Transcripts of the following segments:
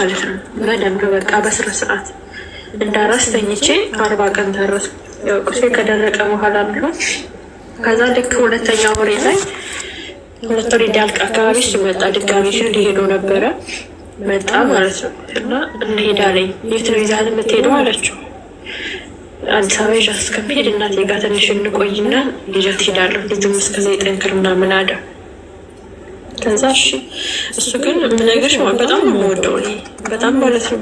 ማለት ነው። በደንብ በቃ በስነ ስርዓት እንዳራስ ተኝቼ አርባ ቀን ተረሱ ቁሴ ከደረቀ በኋላ ቢሆን ከዛ ልክ ሁለተኛ ወሬ ላይ ሁለት ወሬ ዳልቅ አካባቢ ሲመጣ ድጋሚ እንዲሄዱ ነበረ መጣ ማለት ነው። እና እንሄዳለኝ የት ነው ይዛል የምትሄደው አለችው። አዲስ አበባ ይዣ እስከምሄድ እናቴ ጋ ትንሽ እንቆይና ይዣ ትሄዳለሁ ልጁም እስከዛ ይጠንክር ምናምን አለ ከዛ እሺ፣ እሱ ግን ምነገርሽ በጣም ነው የምወደው ነው በጣም ማለት ነው።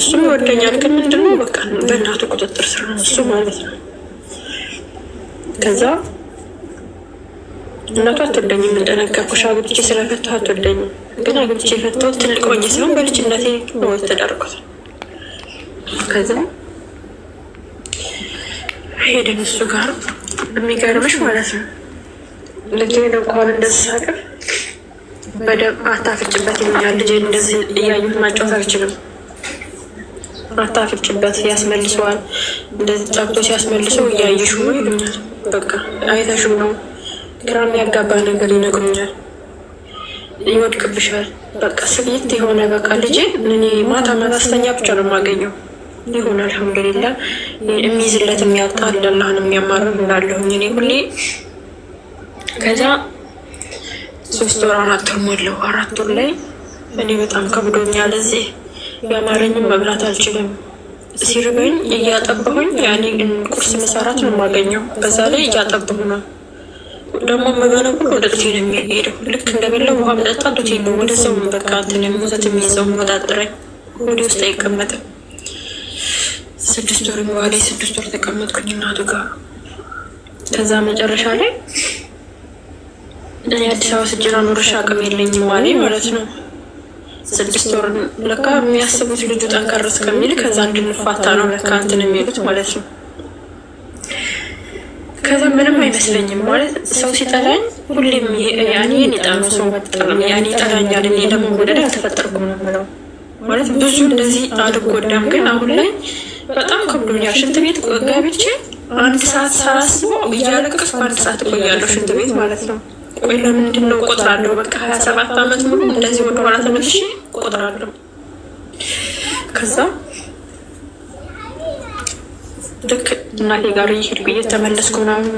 እሱም ይወደኛል፣ ግን ነው በቃ በእናቱ ቁጥጥር ስር ነው እሱ ማለት ነው። ከዛ እናቷ አትወደኝም፣ እንደነገርኩሽ አግብቼ ስለፈታሁ አትወደኝም። ግን አግብቼ የፈታሁት ትልቅ ሆኜ ሲሆን በልጅነቴ ነው የተዳርኩት። ከዛ ሄደን እሱ ጋር የሚገርምሽ ማለት ነው ልጅ እንኳን እንደዚህ ሳቅፍ በደንብ አታፍጭበት ይሉኛል። ልጄ እንደዚህ እያዩት ማጫወት አልችልም። አታፍጭበት ያስመልሰዋል። እንደዚህ ጫብቶ ሲያስመልሰው እያየሹ ነው ይሉኛል። በቃ አይተሹ ነው። ግራ የሚያጋባ ነገር ይነግሩኛል። ይወድቅብሻል። በቃ ስቤት የሆነ በቃ ልጅ እኔ ማታ መታስተኛ ብቻ ነው የማገኘው። ይሁን አልሐምዱሊላ። የሚይዝለት የሚያጣ አላህን የሚያማርር እንዳለሁኝ እኔ ሁሌ ከዛ ሶስት ወር አራት ወር ሞላው። አራት ወር ላይ እኔ በጣም ከብዶኛል። እዚህ ያማረኝም መብላት አልችልም። ሲርበኝ እያጠባሁኝ ያኔ ቁርስ መሰራት ነው የማገኘው። በዛ ላይ እያጠባሁ ነው ደግሞ የምበላው ሁሉ ወደ ጡቴ ነው የሚሄደው። ልክ እንደበላው ውሃ መጠጣ ጡቴ ነው ሰው በቃ እንትን የሚወተት የሚይዘው መጣጥረኝ ወደ ውስጥ አይቀመጥም። ስድስት ወር በኋላ ስድስት ወር ተቀመጥኩኝ እናቱ ጋር ከዛ መጨረሻ ላይ እኔ አዲስ አበባ ስጅራ ኖርሽ አቅም የለኝም አለ ማለት ነው። ስድስት ወር ለካ የሚያስቡት ልጁ ጠንከር እስከሚል ከዛ እንድንፋታ ነው ለካ እንትን የሚሉት ማለት ነው። ከዛ ምንም አይመስለኝም ማለት ሰው ሲጠላኝ ሁሌም ያኔ ኔጣ ነው ሰው መጠላ ያኔ ይጠላኛል። እኔ ለመወደድ አልተፈጠርኩም ነው የምለው ማለት ብዙ እንደዚህ አልጎዳም፣ ግን አሁን ላይ በጣም ከብዶኛል። ሽንት ቤት ገብቼ አንድ ሰዓት ሳላስበው እያለቀስኩ አንድ ሰዓት እቆያለሁ ሽንት ቤት ማለት ነው። ቆይ ለምንድን ነው ቆጥራለሁ። በቃ ሀያ ሰባት አመት ሙሉ እንደዚህ ወደ ኋላ ተመልሼ ቆጥራለሁ። ከዛ ልክ እናቴ ጋር እየሄድ ብዬ ተመለስኩ ምናምን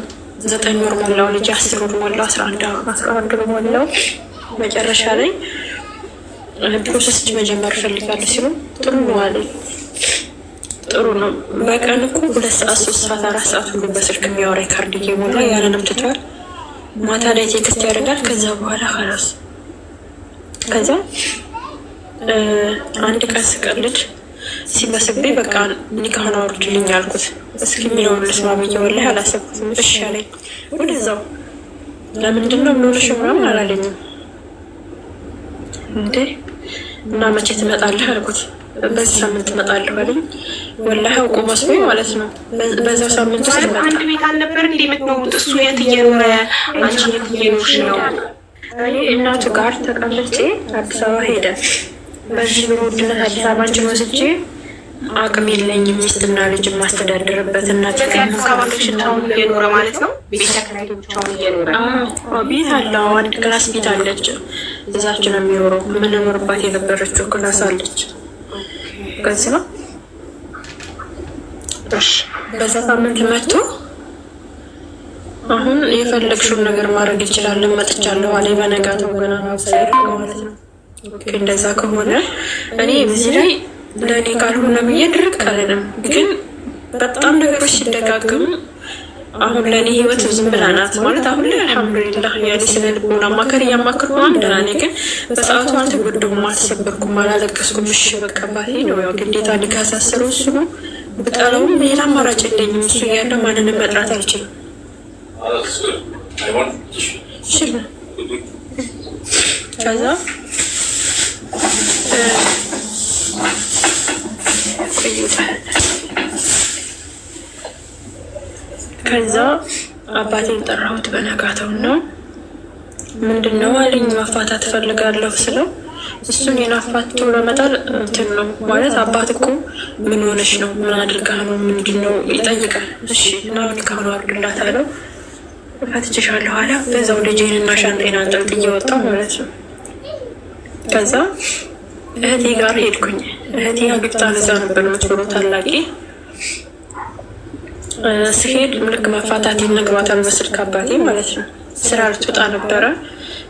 ዘጠኝ ወር ሞላው ልጅ አስር ወር ሞላው አስራ አንድ ወር ሞላው። መጨረሻ ላይ ፕሮሰስ መጀመር እፈልጋለሁ ሲሉ ጥሩ ነው አለኝ። ጥሩ ነው በቀን እኮ ሁለት ሰዓት ሶስት ሰዓት አራት ሰዓት ሁሉ በስልክ የሚያወራ ካርድ እየሞላ ያለንም ትቷል። ማታ ላይ ቴክስት ያደርጋል። ከዛ በኋላ ከራስ ከዛ አንድ ቀን ስቀልድ ሲመስልብኝ በቃ ኒካህን አውርድልኝ አልኩት። እስኪ የሚለውን ልስማ ብዬ ወላሂ አላሰብኩትም። እሺ አለኝ። ወደዛው ለምንድን ነው የምኖርሽ ምናምን አላለኝም። እንዴ እና መቼ ትመጣለህ አልኩት። በዚህ ሳምንት እመጣለሁ አለኝ። ወላሂ አውቆ መስሎኝ ማለት ነው። በዛው ሳምንት ውስጥ መጣ። አንድ ቤት አልነበር እንዴ የምትኖሩት? እሱ የት እየኖረ አንቺ የት እየኖርሽ ነው? እኔ እናቱ ጋር ተቀምጬ አዲስ አበባ ሄደ። በዚህ ኑሮ ውድነት አዲስ አበባ አንቺን ወስጄ አቅም የለኝም ሚስትና ልጅ የማስተዳደርበት እናት እየኖረ ማለት ነው። ቤት አለው አንድ ክላስ ቤት አለች። እዛችን የሚኖረው የምንኖርባት የነበረችው ክላስ አለች። ቀን ነው። በዛ ሳምንት መጥቶ አሁን የፈለግሽውን ነገር ማድረግ ይችላል፣ መጥቻለሁ አለ በነጋታው ገና ማለት ነው። እንደዛ ከሆነ እኔ እዚህ ላይ ለእኔ ካልሆነ ብዬ ድርቅ አለንም፣ ግን በጣም ነገሮች ሲደጋግም አሁን ለእኔ ህይወት ዝም ብላ ናት ማለት አሁን ላይ አልሐምዱሊላህ ያኔ ስለ ልቦና አማከር እያማከር በጣም ደህና ነኝ። ግን በሰዓቱ አልተጎዳሁም፣ አልተሰበርኩም፣ አላለቀስኩም። እሺ በቃ ባሌ ነው ያው ግዴታ ሊካሳሰረው እሱ ነው። ብጠለውም ሌላ አማራጭ የለኝም። እሱ እያለ ማንንም መጥራት አልችልም። ከዛ ቆይታ ከዛ አባቴን ጠራሁት በነጋተው ነው። ምንድን ነው አለኝ መፋታት ፈልጋለሁ ስለው እሱን የናፋቱ ለመጣል እንትን ነው ማለት አባት እኮ ምን ሆነሽ ነው ምን አድርጋ ነው ምንድን ነው ይጠይቃል። እሺ ምናምን ካሁኑ አርግላት አለው። ፈትችሻለሁ ኋላ በዛው ልጄን እና ሻንጤን አንጠልጥ እየወጣ ማለት ነው። ከዛ እህቴ ጋር ሄድኩኝ። እህቴ አግብታ ነፃ ነበር የምትኖረው ታላቂ ስሄድ ልክ መፋታት ይነግሯታል መስልክ አባቴ ማለት ነው። ስራ ልትወጣ ነበረ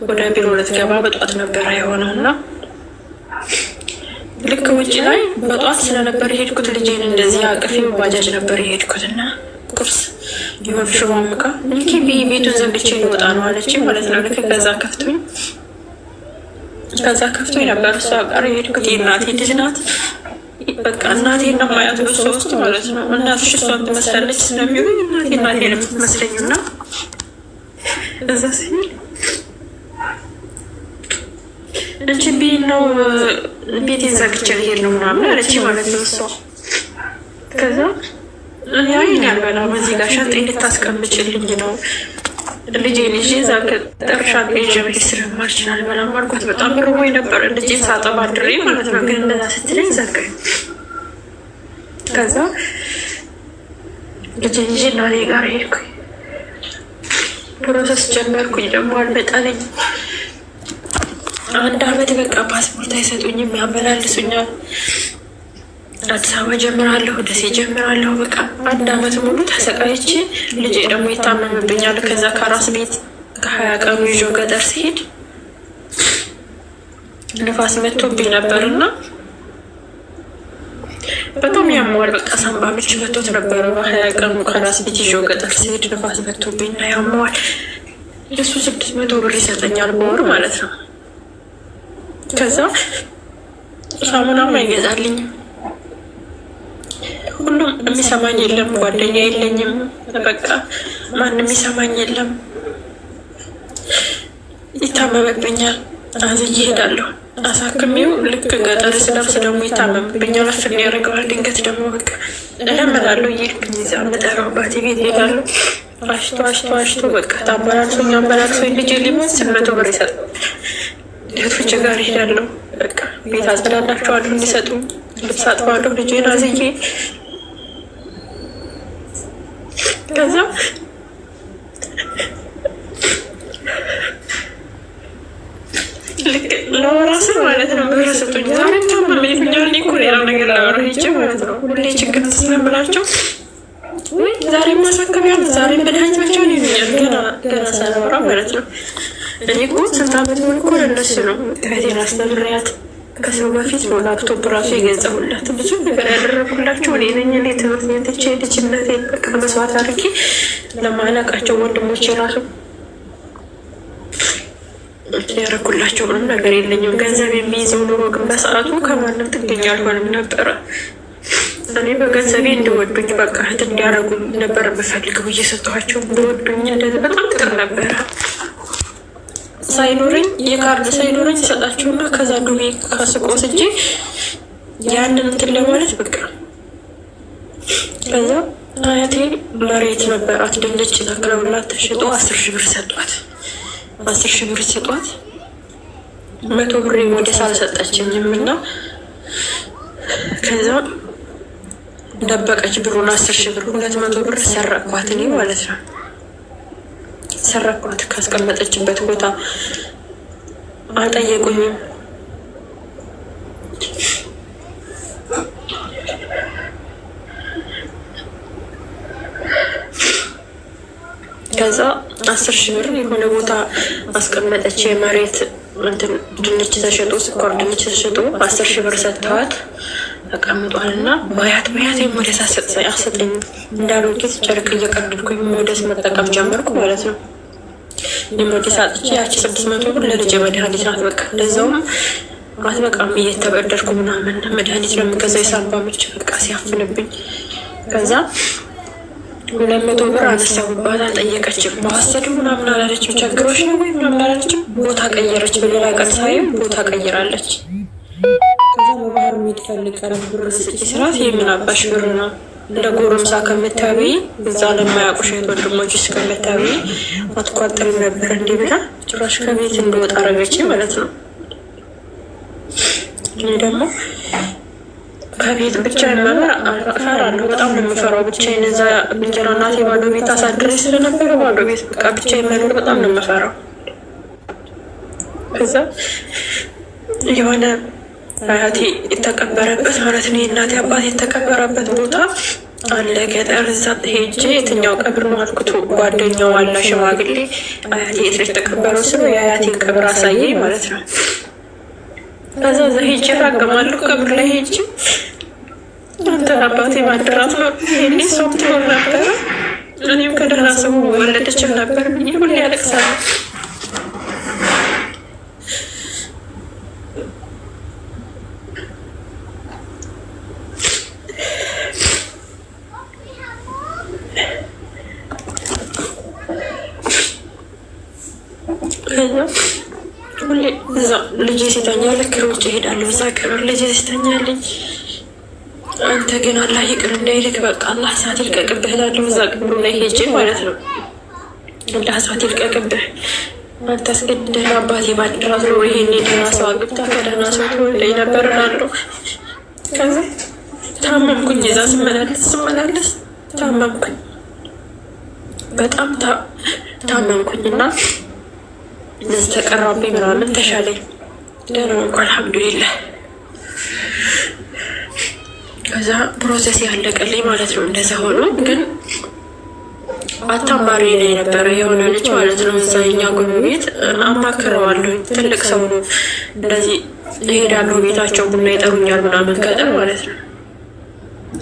ወደ ቢሮ ልትገባ በጠዋት ነበረ የሆነው እና ልክ ውጭ ላይ በጠዋት ስለነበር የሄድኩት ልጄን እንደዚህ አቅፌም ባጃጅ ነበር የሄድኩት እና ቁርስ የሆን ሽሮ አምቃ ልኬ ቤቱን ዘግቼ ልወጣ ነው አለች ማለት ነው። ልክ ከዛ ከፍቶኝ ከዛ ከፍቶኝ ነበር እሷ ጋር የሄድኩት የእናቴ ልጅ ናት በቃ እናቴን ነው ማያት እሷ ውስጥ ማለት ነው። እናትሽ እሷን ትመስላለች ስለሚሆን እናቴ እናቴ ነው የምትመስለኝ እና እዛ ሲል እንጂ ቤት ነው ቤት ዘግቼ ልሄድ ነው ምናምን አለች ማለት ነው እሷ ከዛ ያይን ያልበላ በዚህ ጋር ሻንጤ እንድታስቀምጭልኝ ነው ልጄ ልጄ ጠፍሻን ጅ ስርማችን አልበላም አልኳት። በጣም ርቦኝ ነበር ልጄ ሳጠባ ድሬ ማለት ነው። ግን እንደዛ ስትለኝ ዘጋኝ። ከዛ ልጄ ልጄ እና ጋር ሄድኩኝ። ፕሮሰስ ጀመርኩኝ። ደግሞ አልመጣለኝ አንድ አመት በቃ ፓስፖርት አይሰጡኝም፣ ያመላልሱኛል አዲስ አበባ ጀምራለሁ፣ ደሴ ጀምራለሁ። በቃ አንድ አመት ሙሉ ተሰቃይቼ ልጄ ደግሞ ይታመምብኛል። ከዛ ከራስ ቤት ከሀያ ቀኑ ይዞ ገጠር ሲሄድ ንፋስ መጥቶብኝ ነበር እና በጣም ያመዋል። በቃ ሳምባ ምች መቶት ነበረ። በሀያ ቀኑ ከራስ ቤት ይዞ ገጠር ሲሄድ ንፋስ ና ያማዋል። ለሱ ስድስት መቶ ብር ይሰጠኛል በወር ማለት ነው። ከዛ ሳሙናም አይገዛልኝም ሁሉም የሚሰማኝ የለም፣ ጓደኛ የለኝም፣ በቃ ማንም የሚሰማኝ የለም። ይታመምብኛል፣ አዝዬ እሄዳለሁ። አሳክሚው ልክ ገጠር ስደርስ ደግሞ ይታመምብኛል፣ አፍን ያደርገዋል። ድንገት ደግሞ በቃ እለምናለሁ፣ እየሄድኩኝ እዛ የምጠራው አባቴ ቤት እሄዳለሁ። አሽቶ አሽቶ አሽቶ በቃ ታንበላልሶኝ አንበላልሶኝ ልጅ ሊሞት ስመቶ ብር ይሰጥ እህቶቼ ጋር እሄዳለሁ። በቃ ቤት አጽዳላቸዋለሁ እንዲሰጡ ልብስ አጥባለሁ ልጄን አዝዬ ከዛ ልክ ለራስ ማለት ነው ብር ስጡኝ ሌላ ነገር ላወራ ሄጄ ማለት ነው። ሁሌ ችግር ተስነብራቸው ዛሬ ማሳከቢያ ዛሬ መድኃኒታቸውን ይሉኛል። ገና ገና ሳላወራ ማለት ነው። እኔ እኮ ስንት ዓመት ሆኖ እኮ ለእነሱ ነው ትምህርቴን አስተምሬያት ከሰው በፊት ነው ላፕቶፕ ራሱ የገዛሁላት። ብዙ ነገር ያደረጉላቸው እኔ ነኝ። እኔ ትምህርት ቤትቼ ልጅነቴን በቃ መስዋዕት አድርጌ ለማላቃቸው ወንድሞች ራሱ ያደረጉላቸው ምንም ነገር የለኝም። ገንዘብ የሚይዘው ኑሮ ግን በሰዓቱ ከማንም ጥገኛ አልሆንም ነበረ። እኔ በገንዘቤ እንደወዱኝ በቃ እህት እንዲያደርጉ ነበር የምፈልገው። እየሰጠኋቸው እንደወዱኝ እንደዚህ በጣም ጥቅር ነበረ ሳይኖረኝ የካርድ ሳይኖረኝ ይሰጣችሁና ከዛ ዱቤ ከስቆስ እጄ ያንን እንትን ለማለት በቃ ከዛ አያቴ መሬት ነበራት ድንች ተክለውላት ተሽጦ አስር ሺ ብር ሰጧት። አስር ሺ ብር ሰጧት። መቶ ብር ወደ ሳልሰጠችኝም እና ከዛ ደበቀች ብሩን አስር ሺ ብር ሁለት መቶ ብር ሰረቅኳት እኔ ማለት ነው። አሰረኳት ካስቀመጠችበት ቦታ አልጠየቁኝም። ከዛ አስር ሺህ ብር የሆነ ቦታ አስቀመጠች። የመሬት ድንች ተሸጡ፣ ስኳር ድንች ተሸጡ፣ አስር ሺህ ብር ሰጥተዋት ተቀምጧል እና ባያት ባያት ወደሳ አሰጠኝ እንዳሉት ጨርቅ እየቀደድኩኝ ሞደስ መጠቀም ጀመርኩ ማለት ነው። ንብረት ሳጥቼ ያቺ ስድስት መቶ ብር ለልጄ መድኃኒት ናት። በቃ እንደዛውም አትበቃም እየተበደርኩ ምናምን መድኃኒት ለምገዛ የሳንባ ምች በቃ ሲያፍንብኝ ከዛ ሁለት መቶ ብር አነሳሁባት። አልጠየቀችም። በሀሰድ ምናምን አላለችም። ችግሮች ነው ወይ ምናምን አላለችም። ቦታ ቀየረች። በሌላ ቀን ሳይም ቦታ ቀይራለች። ከዛ በባህር የሚፈልግ ቀረብ ብር ስጭ ስራት የምናባሽ ብር ነው እንደ ጎረምሳ ከምታበይ እዛ ለማያውቁሽ ወንድሞች ውስጥ ከምታበይ አትቋጠሪም ነበር እንዲህ ብላ ጭራሽ ከቤት እንደወጣ አረገች ማለት ነው። እኔ ደግሞ ከቤት ብቻ መመር እፈራለሁ። በጣም ነው የምፈራው ብቻዬን። እዛ እንጀራ እናቴ ባዶ ቤት አሳድረኝ ስለነበረ ባዶ ቤት በቃ ብቻዬን መኖር በጣም ነው የምፈራው። ከዛ የሆነ አያቴ የተቀበረበት ማለት ነው የእናቴ አባት የተቀበረበት ቦታ አለ ገጠር። እዛ ሄጄ የትኛው ቀብር ነው አልኩት። ጓደኛው ዋና ሽማግሌ አያቴ የት ነው የተቀበረው ስለው የአያቴን ቀብር አሳየኝ ማለት ነው። ከዛ እዛ ሄጄ ራገማለሁ ቀብር ላይ ሄጄ አንተን አባቴ ማደራት ነው ይኔ ሰው ነበረ እኔም ከደህና ሰው ወለደችም ነበር ብዬ ሁሌ ያለቅሳለሁ። ልጅ ልጄ ሲተኛ ልክ ሮጬ እዛ ቅር ልጄ ሲተኛልኝ አንተ ግን አላህ ይቅር እንዳይልክ በቃ አላህ እሳት ይልቀቅብህ እላለሁ። እዛ ቅብሩ ላይ ሄጄ ማለት ነው አላህ እሳት ይልቀቅብህ። አንተ ግን ደህና አባቴ ባድራት ነው ይሄኔ ደህና ሰው አግብታ ከደህና ሰው ትወልደኝ ነበር እላለሁ። ከዚ ታመምኩኝ። እዛ ስመላለስ ስመላለስ ታመምኩኝ፣ በጣም ታመምኩኝ እና እንደዚህ ተቀራብኝ ምናምን ተሻለኝ። ደህና እንኳ አልሐምዱሊላህ። ከዛ ፕሮሰስ ያለቀልኝ ማለት ነው። እንደዛ ሆኖ ግን አታማሪ ላይ ነበረ የሆነ ልጅ ማለት ነው። እዛ የኛ ጎረቤት አማክረዋለሁ። ትልቅ ሰው ነው። እንደዚህ ይሄዳለሁ ቤታቸው ቡና ይጠሩኛል ምናምን ገጠር ማለት ነው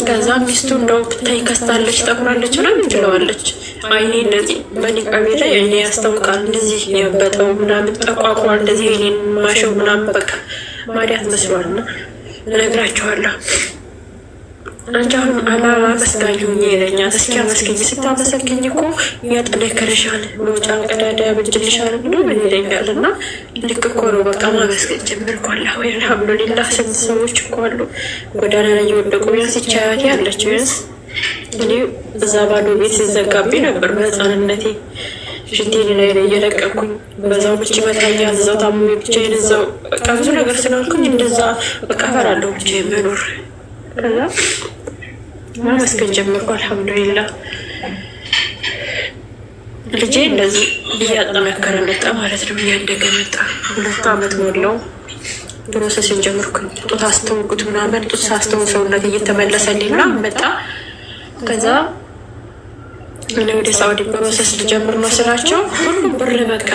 ከዛ ሚስቱ እንደው ብታይ ከስታለች፣ ጠቁራለች ምናምን ትለዋለች። አይኔ እንደዚህ በኒቃቤ ላይ አይኔ ያስታውቃል፣ እንደዚህ የበጠው ምናምን ጠቋቋ እንደዚህ አይኔን ማሸው ምናምን በቃ ማዲያት መስሏልና እነግራችኋለሁ። አንቺ አሁን አላማ መስጋኝ ሁኝ ይለኛ። እስኪ አመስገኝ ስታመሰግኝ እኮ ያጠነክርሻል፣ መውጫ ቀዳዳ ብጅልሻል ብሎ ምን ይለኛል። እና ልክ እኮ ነው በቃ ማመስገን ጀምርኩ። ወይ አልሐምዱሊላ። ስንት ሰዎች እኮ አሉ ጎዳና ላይ የወደቁ ቢያንስ ይቻያት ያለች ቢያንስ እኔ እዛ ባዶ ቤት ሲዘጋቢ ነበር በህፃንነቴ ሽንቴን ላይ ላይ እየለቀኩኝ በዛው ምች ይመታኛል። እዛው ታሞ ብቻዬን እዛው በቃ ብዙ ነገር ስላልኩኝ እንደዛ በቃ እፈራለሁ ብቻዬን መኖር ከዛ ማመስገን ጀመርኩ። አልሐምዱሊላ ልጄ እንደዚህ እያጠናከረ መጣ ማለት ነው። እያደገ መጣ። ሁለቱ አመት ሞላው። ፕሮሰስን ጀምርኩኝ። ጡት አስተውኩት ምናምን ጡት ሳስተው ሰውነት እየተመለሰልኝ እና መጣ ከዛ እኔ ወደ ሳውዲ ፕሮሰስ ልጀምር ነው ስላቸው ሁሉም ብር በቃ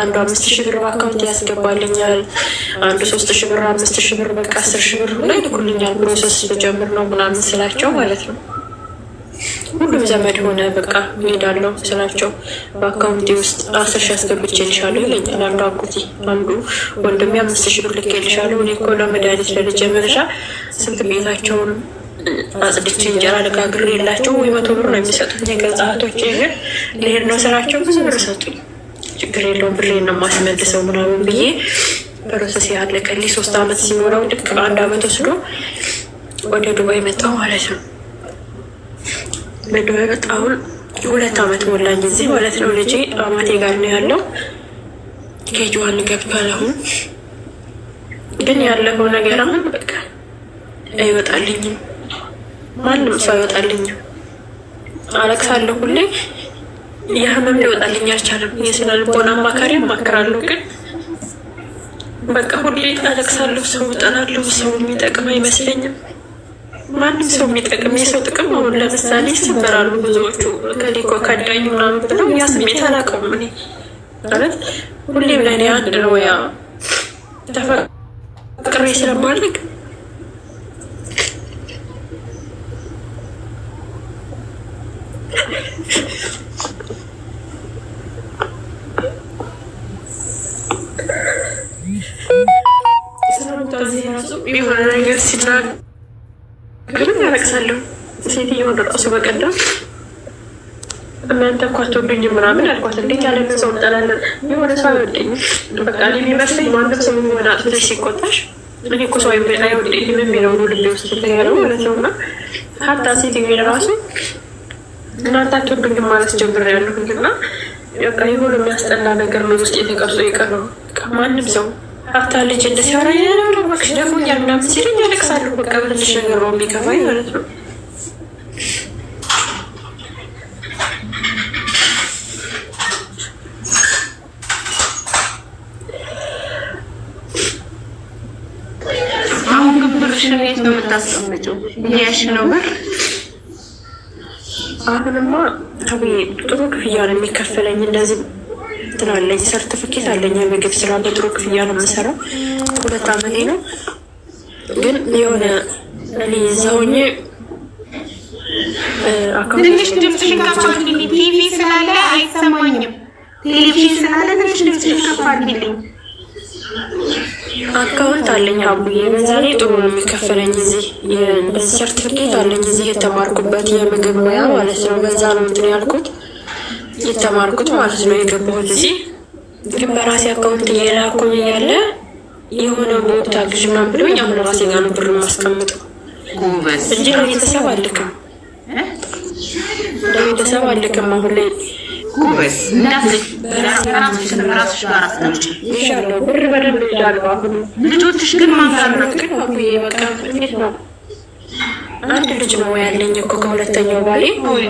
አንዱ አምስት ሺ ብር በአካውንት ያስገባልኛል፣ አንዱ ሶስት ሺ ብር፣ አምስት ሺ ብር በቃ አስር ሺ ብር ላይ ልኩልኛል። ፕሮሰስ ልጀምር ነው ምናምን ስላቸው ማለት ነው ሁሉም ዘመድ ሆነ በቃ እሄዳለሁ ስላቸው በአካውንቲ ውስጥ አስር ሺ አስገብቼ ልሻለሁ ይለኛል። አንዱ አጎቴ አንዱ ወንድሜ አምስት ሺ ብር ልኬ ልሻለሁ እኔ እኮ ለመድኃኒት ለልጄ መረሻ ስንት ቤታቸውን አጽድቼ እንጀራ ልጋግር የላቸው ወይ መቶ ብር ነው የሚሰጡት። የገዛ እህቶቼ። ግን ልሄድ ነው ስራቸው ብዙ ብር ሰጡኝ። ችግር የለውም ብር ነው የማስመልሰው ምናምን ብዬ ፕሮሰስ ያለቀልኝ ሶስት አመት ሲኖረው ልክ አንድ አመት ወስዶ ወደ ዱባይ መጣው ማለት ነው። በዱባይ መጣሁን ሁለት አመት ሞላኝ ጊዜ ማለት ነው። ልጄ አማቴ ጋር ነው ያለው። ኬጅዋን ገብቷል አሁን ግን ያለፈው ነገር አሁን በቃ አይወጣልኝም። ማንም ሰው አይወጣልኝ። አለቅሳለሁ ሁሌ የህመም ሊወጣልኝ አልቻለም። የስነ ልቦና አማካሪ አማክራለሁ፣ ግን በቃ ሁሌ አለቅሳለሁ። ሰው እጠላለሁ። ሰው የሚጠቅም አይመስለኝም። ማንም ሰው የሚጠቅም የሰው ጥቅም አሁን ለምሳሌ ይሰበራሉ ብዙዎቹ ከሌኮ ከዳኝ ምናምን ብለው ያ ስሜት አላውቀውም እኔ ማለት ሁሌም ለእኔ አንድ ነው ያ ተፈቅሬ ስለማድረግ ግን ያለቅሳለሁ። ሴትዮዋ በጣም ሰው በቀደም እናንተ እኮ አትወዱኝ ምናምን አልኳት። እንዴት ያለን ሰው እንጠላለን? የሆነ ሰው አይወደኝ በቃ እኔ የሚመስለኝ ማንም ሰው የሚሆን አጥፍተሽ ሲቆጣሽ እኔ እኮ ሰው አይወደኝም የሚለው ልቤ ውስጥ ያለው ማለት ነው። እና ሀታ ሴትዮዋ ራሱ እናንተ አትወዱኝም ማለት ጀምሬያለሁ እና በቃ የሆነ የሚያስጠላ ነገር ነው ውስጥ የተቀርጾ የቀረው ማንም ሰው ሀብታ ልጅ እንደ ሲያወራ እባክሽ ደክሞኛል ምናምን ሲለኝ አለቅሳለሁ። በቃ በትንሽ ነገር ነው የሚከፋኝ ማለት ነው። አሁን ቤት ነው የምታስቀምጪው? ነው ብር አሁንማ ጥሩ ክፍያ ነው የሚከፈለኝ እንደዚህ ሁለት ነው ያለኝ ሰርቲፊኬት አለኝ። የምግብ ስራ በድሮ ክፍያ ነው የምሰራው። ሁለት አመቴ ነው። ግን የሆነ እኔ ዘውኝ ትንሽ ድምፅሽ ከፍ አድርጊልኝ። ቲቪ ስላለ አይሰማኝም። ቴሌቪዥን ስላለ ትንሽ ድምፅሽ ከፍ አድርጊልኝ። አካውንት አለኝ አቡዬ፣ በዛ ላይ ጥሩ ነው የሚከፈለኝ። እዚህ በዚህ ሰርቲፊኬት አለኝ እዚህ የተማርኩበት የምግብ ሙያ ማለት ነው። በዛ ነው እንትን ያልኩት የተማርኩት ማለት ነው። የገባሁት እዚህ ግን በራሴ አካውንት እየላኩኝ ያለ የሆነ ቦታ ግዥ ምናምን ብሎኝ አሁን ራሴ ጋር ነው ብር የማስቀምጠው እንጂ ለቤተሰብ አልክም፣ ለቤተሰብ አልክም። አሁን ላይ ጉበዝ ብር በደንብ ይዛሉ። አሁን ልጆችሽ ግን ማንጋር ነው ግን አቡዬ በቃ ነው አንድ ልጅ ነው ያለኝ እኮ ከሁለተኛው ባሌ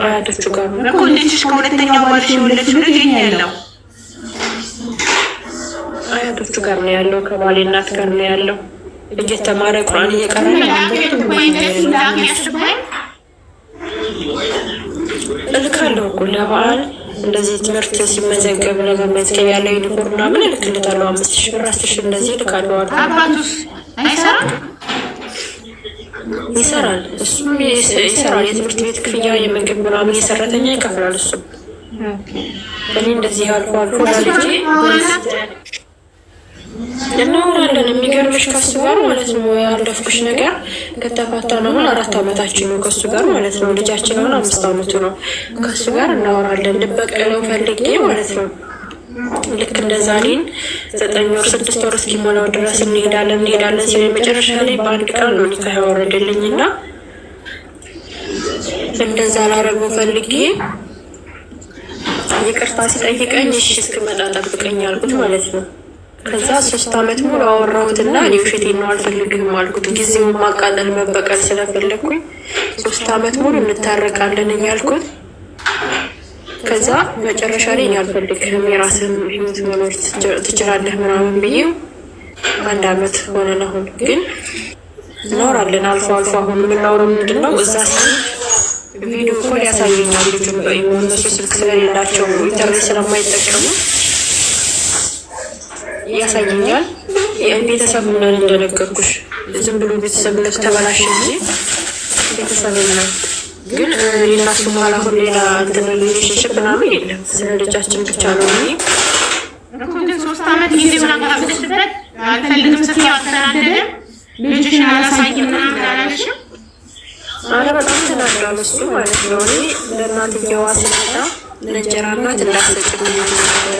አያቶቹ ጋር ነው እኮ። ልጅሽ ከሁለተኛው ባልሽ የወለድሽው ልጅ የት ያለው? አያቶቹ ጋር ነው ያለው። ከባሌ እናት ጋር ነው ያለው። እየተማረ ቁርአን እየቀረ እልካለሁ እኮ ለበዓል እንደዚህ ትምህርት ሲመዘገብ ለመመዝገብ ያለው ዩኒፎርም ምናምን እልክልታለሁ። አምስት ሺህ ብር አስር ሺህ እንደዚህ እልካለሁ። አባቱስ አይሰራም ይሰራል። እሱም ይሰራል። የትምህርት ቤት ክፍያ የምግብ ምናምን የሰራተኛ ይከፍላል። እሱም እኔ እንደዚህ አልፎ አልፎ እናወራለን። የሚገርምሽ ከሱ ጋር ማለት ነው ያለፍኩሽ ነገር ከተፋታን አሁን አራት አመታችን ነው። ከሱ ጋር ማለት ነው ልጃችን አሁን አምስት አመቱ ነው። ከሱ ጋር እናወራለን። ልበቀለው ፈልጌ ማለት ነው ልክ እንደ ዛሬን ዘጠኝ ወር ስድስት ወር እስኪሞላው ድረስ እንሄዳለን እንሄዳለን ሲል የመጨረሻ ላይ በአንድ ቃል ነው ኒካ ያወረደልኝ እና እንደዛ ላረገው ፈልጌ ይቅርታ ሲጠይቀኝ እሺ እስክመጣ ጠብቀኝ አልኩት ማለት ነው። ከዛ ሶስት አመት ሙሉ አወራሁት አወራሁትና እኔ ውሸቴን ነው አልፈልግም አልኩት። ጊዜውን ማቃጠል መበቀል ስለፈለግኩኝ ሶስት አመት ሙሉ እንታረቃለን እያልኩት ከዛ መጨረሻ ላይ ያልፈልግህም የራስህም ህይወት መኖር ትችላለህ ምናምን ብዬው አንድ አመት ሆነ። አሁን ግን እናወራለን አልፎ አልፎ። አሁን የምናወራው ምንድን ነው እዛ ቪዲዮ ኮል ያሳየኛል። እነሱ ስልክ ስለሌላቸው ኢንተርኔት ስለማይጠቀሙ ያሳየኛል። ቤተሰብ ምናምን እንደነገርኩሽ ዝም ብሎ ቤተሰብነት ተበላሽ እንጂ ቤተሰብ ምናምን ግን የእነሱ በኋላ ሁን ሌላ እንትን ሪሌሽንሽፕ ምናምን የለም። ስለ ልጃችን ብቻ ነው። ግን ሶስት አመት ጊዜ ምናምን አልፈልግም ስትይው አልተናደደም? ልጅሽን አላሳይም ምናምን አላለሽም? አረ በጣም ተናዷል እሱ ማለት ነው። እኔ ለእናትየዋ ስመጣ ለእንጀራ እናት እንዳትሰጭብኝ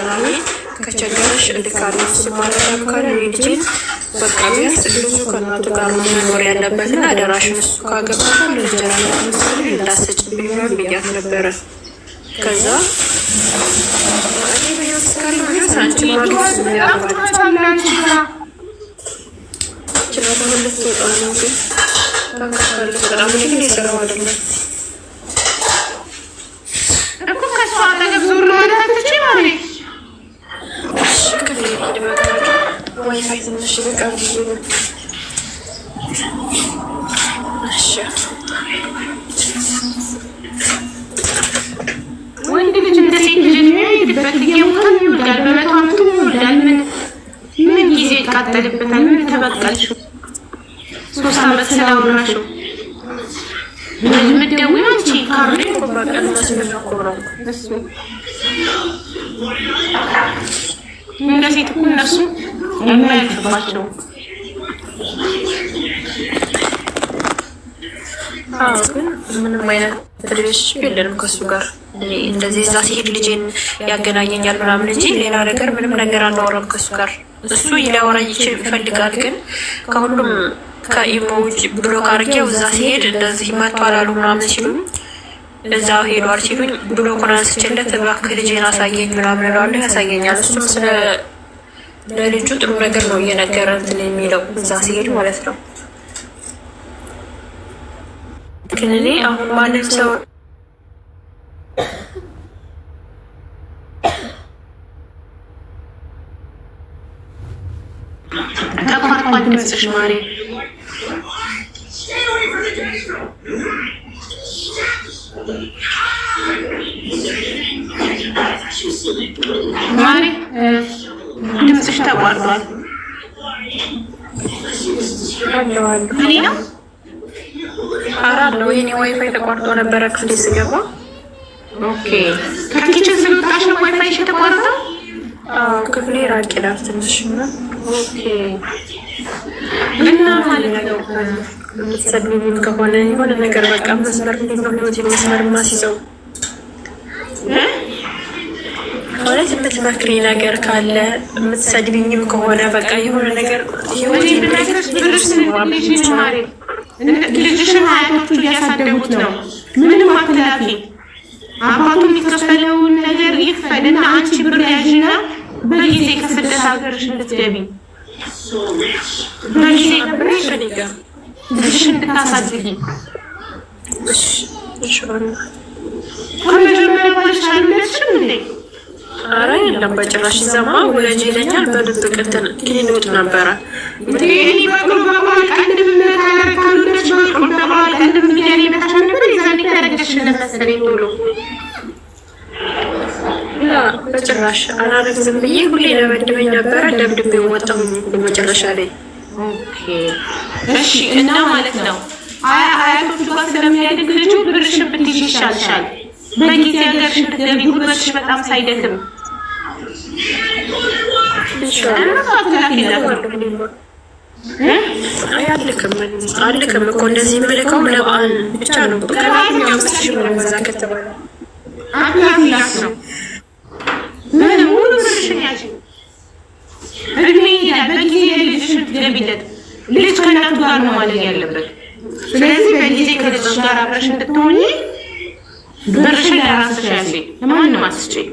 ምናምን ከቸገረሽ እልካለሁ። እሱም አልቻለም ካለ ልጄን በቃ ቢያንስ ልጁ ከእናቱ ጋር መኖር ያለበትና አደራሽን እሱ ካገባ ልጀራ ምስል እንዳሰጭብኝ ብያት ነበረ። ከዛ እኔ እኮ አጠገብ ዞር ማለት ወንድ ልጅ እንደ ሴት ልጅ የሚወልድበት እየሞተ ይወልዳል። በመቶ ዓመቱ ይወልዳል። ምን ምን ጊዜ ይቃጠልበታል? ምን ተበቀልሽው? ሶስት ዓመት ስላወራሽው ምደዊ አንቺ ካሬ ኮበቀል መስሎ ኮራል እንደ ሴት እኮ እነሱ እናያልፍባቸው። ግን ምንም አይነት ሪሌሽንሽፕ የለንም ከእሱ ጋር እንደዚህ እዛ ሲሄድ ልጄን ያገናኘኛል ምናምን እንጂ ሌላ ነገር ምንም ነገር አናወራም ከእሱ ጋር። እሱ ሊያወራኝ ይፈልጋል ግን ከሁሉም ከኢሞ ውጭ ብሎክ አድርጌው እዛ ሲሄድ እንደዚህ መጥቷል አሉ ምናምን ሲሉም። እዛው ሄዷል ሲሉኝ ብሎ ኮናንስችለት እባክህ ልጄን አሳየኝ ምናምን እለዋለሁ። ያሳየኛል። እሱም ስለ ለልጁ ጥሩ ነገር ነው እየነገረ እንትን የሚለው እዛ ሲሄድ ማለት ነው። ግን እኔ አሁን ማንም ሰው ተቋርጧል ድምፅሽ ማሪ ማሪ ድምፅሽ ተቋርጧል። እኔ ነው አራለው የኔ ዋይፋይ ተቋርጦ ነበረ ክፍሌ ስገባ። ኦኬ ከኪችን ስለወጣሽ ነው ዋይፋይሽ የተቋረጠው? ክፍሌ ራቅ ይላል ትንሽ እና ማለት ነው የምትሰድቡኝ ከሆነ የሆነ ነገር በቃ መስመር እንዴት ህይወት መስመር ማስይዘው ላይ የምትመክሪ ነገር ካለ የምትሰድብኝም ከሆነ በቃ የሆነ ነገር ልጅሽን አያቶቹ እያሳደጉት ነው። ምንም አትላፊ። አባቱ የሚከፈለውን ነገር ይክፈልና አንቺ ብር ያዥና በጊዜ ከስደት ሀገርሽ እንድትገቢ በጊዜ ገብሽ ልጅሽ እንድታሳድጊ ከመጀመሪያ ባለሽ እንዴ? አረ የለም በጭራሽ ይዘማ ወለጅ ይለኛል። በድብቅ እንትን ክሊኒክ ነበረ በጭራሽ አላረግዝም ብዬ ሁሌ ለመድበኝ ነበረ። ደብድቤ ወጣሁ መጨረሻ ላይ። እሺ እና ማለት ነው አያቶቹ ጋር ስለሚያደግ ልጁ ብርሽን ብትይዥ ይሻልሻል። በጊዜ ሀገርሽ ብትገቢ ጉልበትሽ በጣም ሳይደክም አልክም እኮ እንደዚህ የምልከው ለበዓል ብቻ ነው። ልጅ ከእናቱ ጋር ነው ማለት ያለበት። ስለዚህ በጊዜ ከልጅ ጋር አብረሽ እንድትሆኚ ብርሽን ለራስሽ ያለኝ ለማንም አስችይ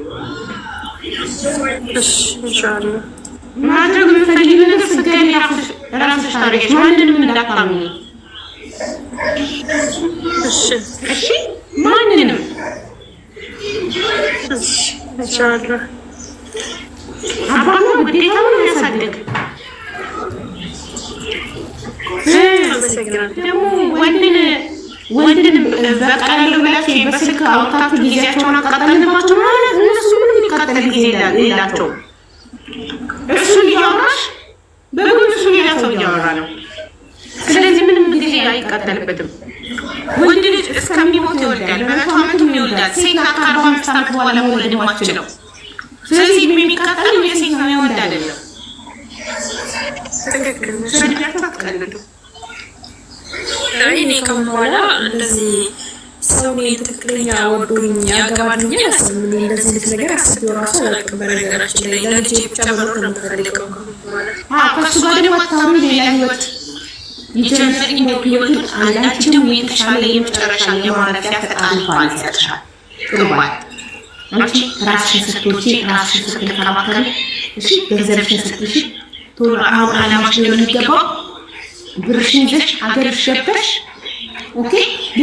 ማድረግ የምፈልጊው ነገር ስትገቢ ራስሽ ታደርጊያለሽ። ማንንም እሺ? ማንንም ግዴታ ደግሞ ወንድን ወንድን በቀላሉ ብላችሁ በስልክ አውጥታችሁ ጊዜያቸውን አቃጠልንባቸው ማለት እነሱ የሚከተል ጊዜ የላቸው። እሱን እያወራሽ በግል እሱ ሌላ ሰው እያወራ ነው። ስለዚህ ምንም ጊዜ አይቀጠልበትም። ወንድ ልጅ እስከሚሞት ይወልዳል፣ በመቶ ዓመቱም ይወልዳል። ሴት ናት ከአርባ አምስት ዓመት በኋላ መውለድ ማችለው። ስለዚህ የሚቀጠል የሴት ነው የወንድ አይደለም። ትክክል። እኔ ከበኋላ እንደዚህ እኔ ትክክለኛ ወዶኝ ያገባኝ አላስብም። እኔ እንደዚህ አይነት ነገር አስቤው እራሱ አላውቅም። በነገራችን ላይ ለልጄ ብቻ መኖር ነው የምፈልገው። ከሱ ጋር ደግሞ አታውሪ ሌላ ህይወት የጀመሪ እንደው ህይወቱን አንዳችን ደግሞ የተሻለ የመጨረሻ የማረፊያ ፈጣሪ ኳን ይሰጥሻል። ቅርቧል አንቺ ራስሽን ስትወጪ ራስሽን ስትንከባከቢ፣ እሺ ገንዘብሽን ስትሽ ቶሎ አሁን አላማሽን የሚገባው ብርሽን ይዘሽ አገር ሸበሽ ኦኬ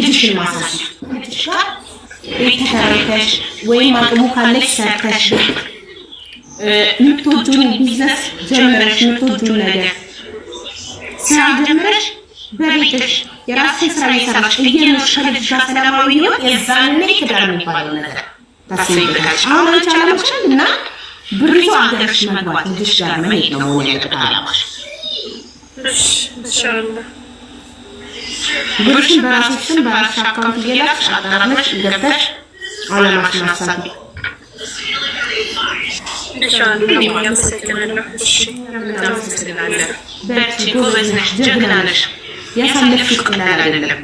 ልጅሽን ማሳስ ልጅሽ ጋር ወይም አቅሙ ካለሽ ሰርተሽ የምትወጂውን ቢዝነስ ጀምረሽ የምትወጂውን ነገር ስራ ጀምረሽ በቤትሽ የራስሽ ስራ እየሰራሽ እየኖርሽ ከልጅሽ ጋር ሰላማዊ ህይወት የዛኔ ትዳር የሚባለው ነገር ታስብበታለሽ። አሁን አንቺ አላማሽን እና ብርቱ ይዞ መግባት ልጅሽ ጋር መሄድ ነው መሆን ያቅድ አላማሽ። ብርሽን በራስሽን በራስሽ አካውንት እየላክሽ አጠራቅመሽ ገብተሽ አለማሽን አሳቢ። በርቺ፣ ጎበዝ ነሽ፣ ጀግና ነሽ። ያሳለፍሽ ቀላል አይደለም።